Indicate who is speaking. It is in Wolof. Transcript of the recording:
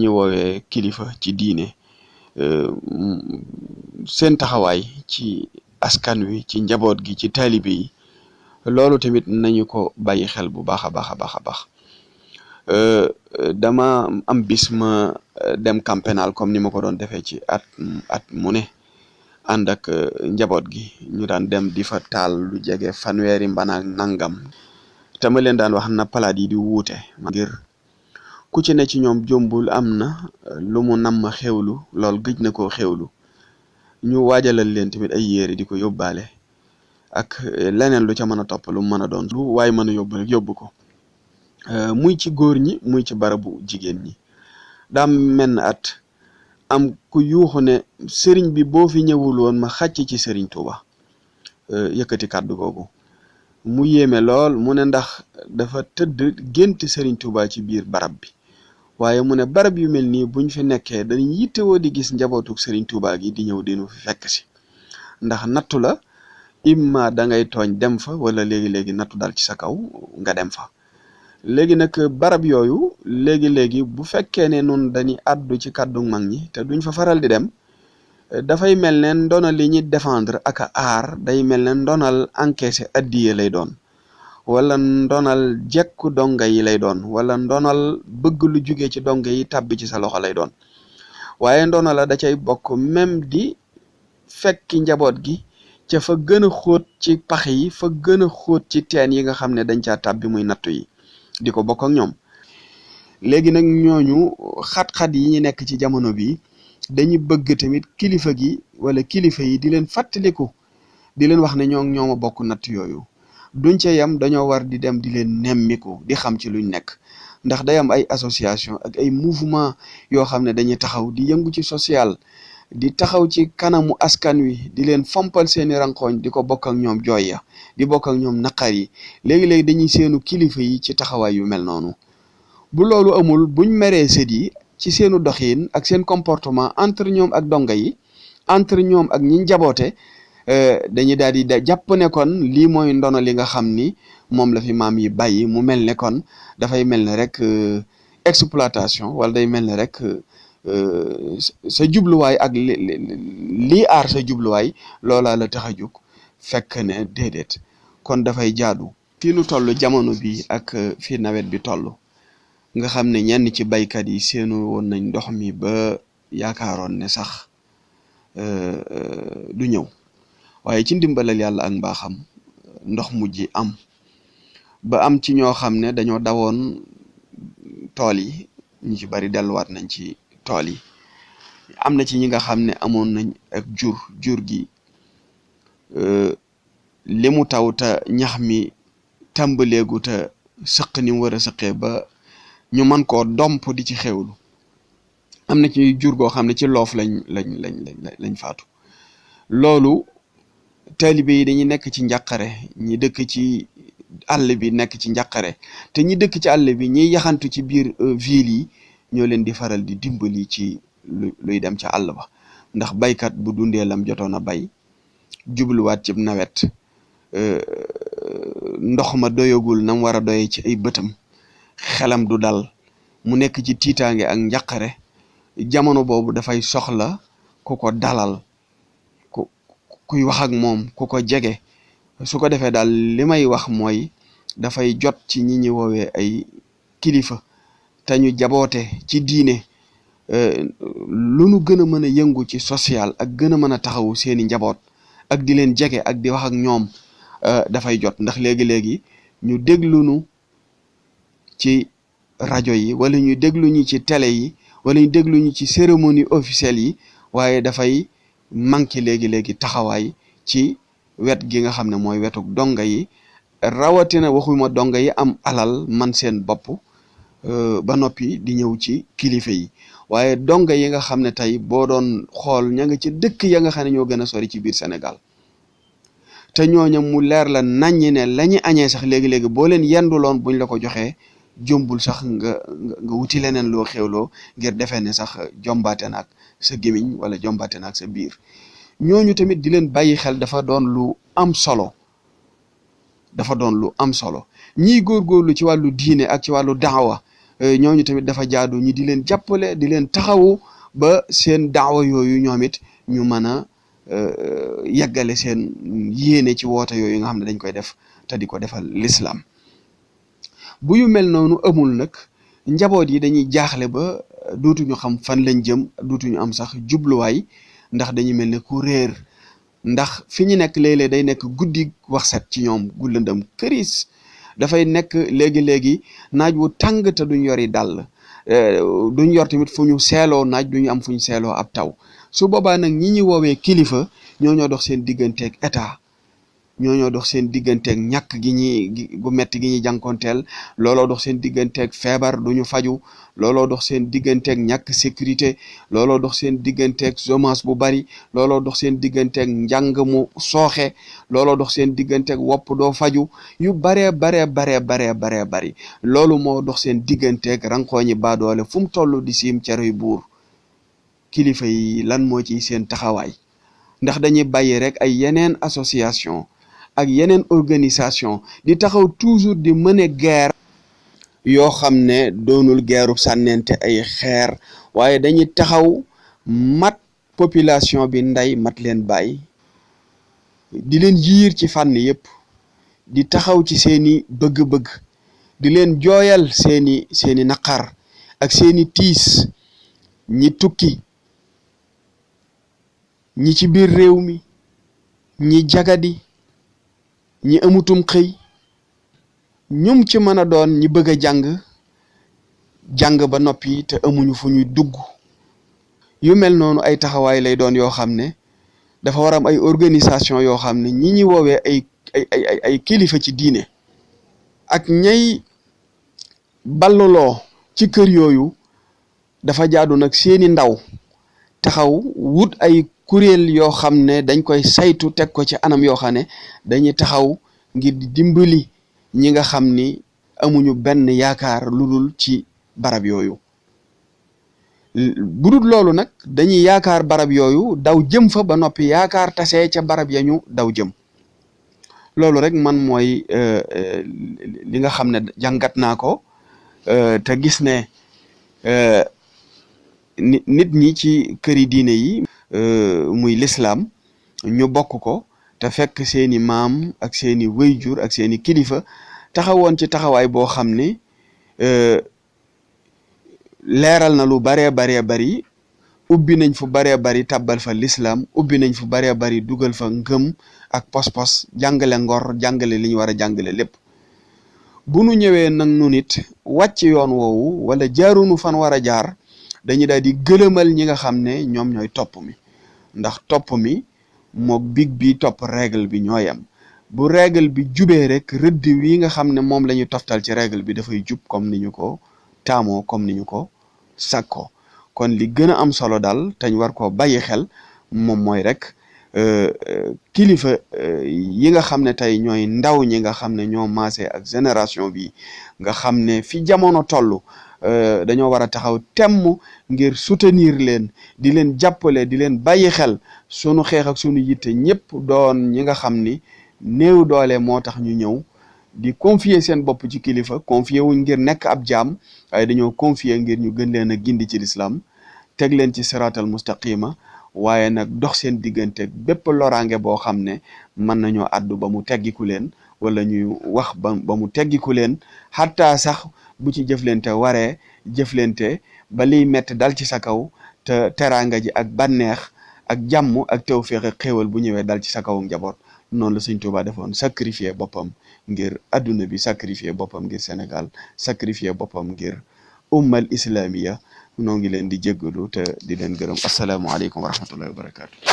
Speaker 1: ñu woowee kilifa ci diine euh, seen taxawaay ci askan wi ci njaboot gi ci taalibe yi loolu tamit nañu ko bàyyi xel bu baax a baax a baax a baax euh, dama am bis ma dem camp pénal comme ni ma ko doon defee ci at at mu ne ànd ak euh, njaboot gi ñu daan dem di fa taal lu jege fanweeri mbana nangam te leen daan wax na yi di wuute ngir ku ci ne ci ñoom jombul am na lu mu namm xewlu lool gëj na koo xewlu ñu waajalal leen tamit ay yére di ko yóbbaale ak leneen lu ca mën a topp lu mën a doon lu waaye mën a yóbbu rek yóbbu ko euh, muy ci góor ñi muy ci barabu jigéen ñi daa menn at am ku yuuxu ne sëriñ bi boo fi ñëwul woon ma xàcc ci sëriñ Tuuba euh, yëkkati kàddu googu mu yéeme lool mu ne ndax dafa tëdd gént sëriñ Tuuba ci biir barab bi waaye mu ne barab yu mel nii buñ fi nekkee dañ yittewoo di gis njabootuk Serigne Touba gi di ñëw dinu fi fekk si ndax nattu la imma da ngay tooñ dem fa wala léegi-léegi nattu dal ci sa kaw nga dem fa léegi nag barab yooyu léegi-léegi bu fekkee ne nun dañuy addu ci kàddu mag ñi te duñ fa faral di dem dafay mel ne ndonal li ñuy défendre ak a aar day mel ne ndonal encaissé addiye lay doon wala ndonal jekku donga yi lay doon wala ndonal bëgg lu jugee ci donga yi tàbbi ci sa loxo lay doon waaye ndono la da cay bokk même di fekki njaboot gi ca fa gën a xóot ci pax yi fa gën a xóot ci teen yi nga xam ne dañ caa tàbbi muy nattu yi di ko bokk ñoom léegi nag ñooñu xat-xat yi ñu nekk ci jamono bi dañu bëgg tamit kilifa gi wala kilifa yi di leen fàttaliku di leen wax ne ñoo ñooma bokk natt yooyu duñ ca yam dañoo war di dem di leen nemmiku di xam ci luñ nekk ndax day am ay association ak ay mouvement yoo xam ne dañuy taxaw di yëngu ci sociale di taxaw ci kanamu askan wi di leen fompal seeni rankoñ di ko bokk ak ñoom jooy ya di bokk ak ñoom naqar yi léegi-léegi dañuy seenu kilifa yi ci taxawaay yu mel noonu bu loolu amul buñ meree sët yi ci seenu doxin ak seen comportement entre ñoom ak donga yi entre ñoom ak ñi njaboote Eh, dañuy daal di jàpp ne kon lii mooy ndono li nga xam ni moom la fi maam yi bàyyi mu mel ne kon dafay mel ne rek euh, exploitation wala day mel ne rek euh, sa jubluwaay ak lii aar sa jubluwaay loolaa la tax a jóg fekk ne déedéet kon dafay jaadu fii nu toll jamono bi ak euh, fii nawet bi toll nga xam ne ñenn ci baykat yi seenu woon nañ ndox mi ba yaakaaroon ne sax du ñëw waaye ci ndimbalal yàlla ak mbaaxam ndox mujj am ba am ci ñoo xam ne dañoo dawoon tool yi ñu ci bari delluwaat nañ ci tool yi am na ci ñi nga xam ne amoon nañ ak jur jur gi euh, li mu taw ñax mi tàmbaleegu te sëq ni mu a sëqee ba ñu mën ko domp di ci xewlu am na ci jur goo xam ne ci loof lañ lañ lañ lañ faatu loolu taalibe yi dañuy nekk ci njàqare ñi dëkk ci àll bi nekk ci njaqare te ñi dëkk ci àll bi ñiy yaxantu ci biir euh, ville yi ñoo leen di faral di dimbali ci luy dem ca àll ba ndax baykat bu dundee lam jotoon a bay jubluwaat ci nawet euh, ndox ma doyagul nam war a doye ci ay bëtam xelam du dal mu nekk ci tiitaange ak njaqare jamono boobu dafay soxla ku ko dalal kuy wax ak moom ku ko jege su ko defee daal li may wax mooy dafay jot ci ñi ñu woowee ay kilifa te jaboote ci diine euh, lu nu gën a mën a yëngu ci sociale ak gën a mën a taxawu seeni njaboot ak di leen jege ak di wax ak ñoom euh, dafay jot ndax léegi-léegi ñu déglu nu ci rajo yi wala ñu déglu ñu ci tele yi wala ñu déglu ñu ci cérémonie officielle yi waaye dafay manqué léegi léegi taxawaay ci wet gi nga xam ne mooy wetuk donga yi rawatina waxuma donga yi am alal man seen bopp euh, ba noppi di ñëw ci kilifa yi waaye donga yi nga xam ne tey boo doon xool ña nga ci dëkk ya nga xam ne ñoo gën a sori ci biir Sénégal te ñooña mu leer la naññi ne la añee sax léegi-léegi boo leen yenduloon buñ la ko joxee jombul sax nga nga wuti leneen loo xewloo ngir defee ne sax jombaate na sa gémiñ wala jombaate na sa biir ñooñu tamit di leen bàyyi xel dafa doon lu am solo dafa doon lu am solo ñiy góorgóorlu ci wàllu diine ak ci wàllu daawa eh, ñooñu tamit dafa jaadu ñi di leen jàppale di leen taxawu ba seen daawa yooyu ñoom it ñu mën a eh, yeggale seen yéene ci woote yooyu nga xam ne dañ koy def te di ko defal lislaam bu ñu mel noonu amul nag njaboot yi dañuy jaaxle ba euh, dootuñu xam fan lañ jëm dootuñu am sax jubluwaay ndax dañu mel ne ku réer ndax fi ñu nekk léeg-léeg day nekk guddi wax set ci ñoom gu lëndëm këris dafay nekk léegi-léegi naaj wu tàng te duñ yori dàll euh, duñ yor tamit fu ñu seeloo naaj ñu am fu ñu seeloo ab taw su boobaa nag ñi ñuy woowee kilifa ñoo ñoo dox seen digganteeg état ñoo ñoo dox seen digganteeg ñàkk gi ñuy gu metti gi ñuy jànkonteel looloo dox seen digganteeg feebar du ñu faju looloo dox seen digganteeg ñàkk sécurité looloo dox seen digganteeg chômage bu bari looloo dox seen digganteeg njàng mu sooxe looloo dox seen digganteeg wopp doo faju yu baree baree baree baree baree bari loolu moo dox seen digganteeg rankooñi baadoole fu mu toll di siim cere yu buur kilifa yi lan moo ci seen taxawaay ndax dañuy bàyyi rek ay yeneen association ak yeneen organisation di taxaw toujours di mëne guerre yoo xam ne doonul guerru sànnente ay xeer waaye dañuy taxaw mat population bi ndey mat leen bàyyi di leen yiir ci fànn yépp di taxaw ci seeni bëgg-bëgg di leen jooyal seeni seeni naqar ak seeni tiis ñi tukki ñi ci biir réew mi ñi jagadi ñi amutum xëy ñum ci mën a doon ñi bëgg jàng jàng ba noppi te amuñu fu ñuy dugg yu mel noonu ay taxawaay lay doon yoo xam ne dafa war am ay organisation yoo xam ne ñi ñi woowee ay ay kilifa ci diine ak ñay balloloo ci kër yooyu dafa jaadu nag seeni ndaw taxaw wut ay kuréel yoo xam ne dañ koy saytu teg ko ci anam yoo xam ne dañuy taxaw ngir dimbali ñi nga xam ni amuñu benn yaakaar lu dul ci barab yooyu bu dul loolu nag dañuy yaakaar barab yooyu daw jëm fa ba noppi yaakaar tasee ca barab yañu daw jëm loolu rek man mooy euh, euh, li nga xam ne jàngat naa ko euh, te gis ne nit ñi ci këri diine yi Euh, muy l'islam ñu bokk ko ta fekk seeni wujur, ak seeni wayjur ak seeni kilifa taxawon ci taxaway bo xamni euh leral na lu bare bare bari ubbi nañ fu bare bari tabbal fa l'islam ubbi nañ fu bare bari dugal fa ngëm ak pos-pos jangale ngor jangale liñ wara jangale lepp jàngale lépp bu nu nit wacc yoon woowu wala jaarunu fan wara jaar dañu daal di ñi nga xamne ñom ñoy top mi ndax topp mi mook big bi topp règle bi ñoo yem bu règle bi jubee rek rëdd wi nga xam ne moom la ñu toftal ci règle bi dafay jub comme ni ñu ko taamoo comme ni ñu ko sàkkoo kon li gën a am solo daal tañ war koo bàyyi xel moom mooy rek euh, euh, kilifa euh, yi nga xam ne tey ñooy ndaw ñi nga xam ne ñoo maase a génération bi nga xam ne fi jamono toll Euh, dañoo war a taxaw temm ngir soutenir leen di leen jàppale di leen bàyyi xel sunu xeex ak sunu yitte ñëpp doon ñi nga xam ni néew doole moo tax ñu ñëw di confier seen bopp ci kilifa confier wuñ ngir nekk ab jaam waaye dañoo confier ngir ñu gën leen a gindi ci lislaam teg leen ci siraatal mustaqima waaye nag dox seen diggante bépp loraange boo xam ne mën nañoo àddu ba mu teggiku leen wala ñu wax ba ba mu teggiku leen xataa sax bu ci jëflante waree jëflante ba liy metti dal ci sa kaw te teraanga ji ak banneex ak jàmm ak tawféex ak xéewal bu ñëwee dal ci sa kaw njaboot noonu la Sëñ Tuubaa defoon sacrifier boppam ngir adduna bi sacrifier boppam ngir Sénégal sacrifier boppam ngir ummal islamiya noo ngi leen di jéggalu te di leen gërëm asalaamaaleykum wa rahmatullahi wa barakaatu.